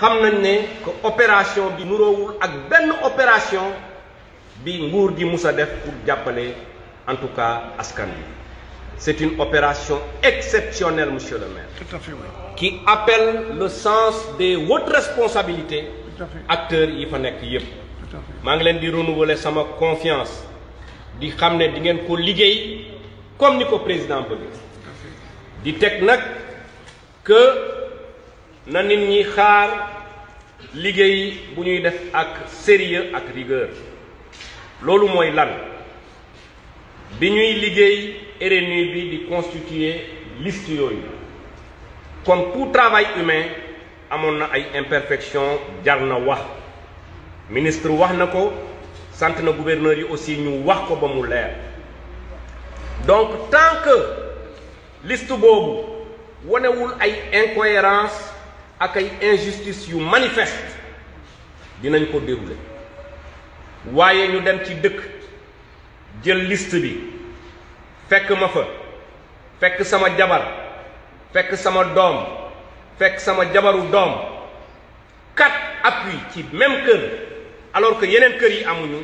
xam que opération bi opération bi nguur pour en tout cas askan c'est une opération exceptionnelle monsieur le maire qui appelle le sens des hautes responsabilités acteurs yi fa confiance di di ko comme ni président bëgg di que na nit ñi xaar liggéey bu ñuy def ak sérieux ak rigueur loolu mooy lan bi ñuy liggéey RNU bi di constituer liste yooyu comme tout travail humain amoon na ay imperfection jar na wax ministre wax na ko sant na gouverneur yi aussi ñu wax ko ba mu leer donc tant que liste boobu wonewul ay incohérence ak ay injustice yu manifeste dinañ ko déroulé wayé ñu dem ci dëkk jël liste bi fekk ma fa fekk sama jabar fekk sama dom fekk sama jabaru dom. quatre appuis ci même cœur alors que yenen cœur yi amuñu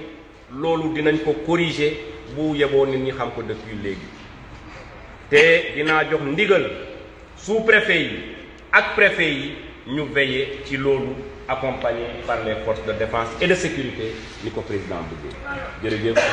lolu dinañ ko corriger bu yeboo nit ñi xam ko depuis légui té dina jox ndigal sous-préfet yi ak préfet yi ñu veillé ci loolu accompagné par les forces de défense et de sécurité ni ko président bëggee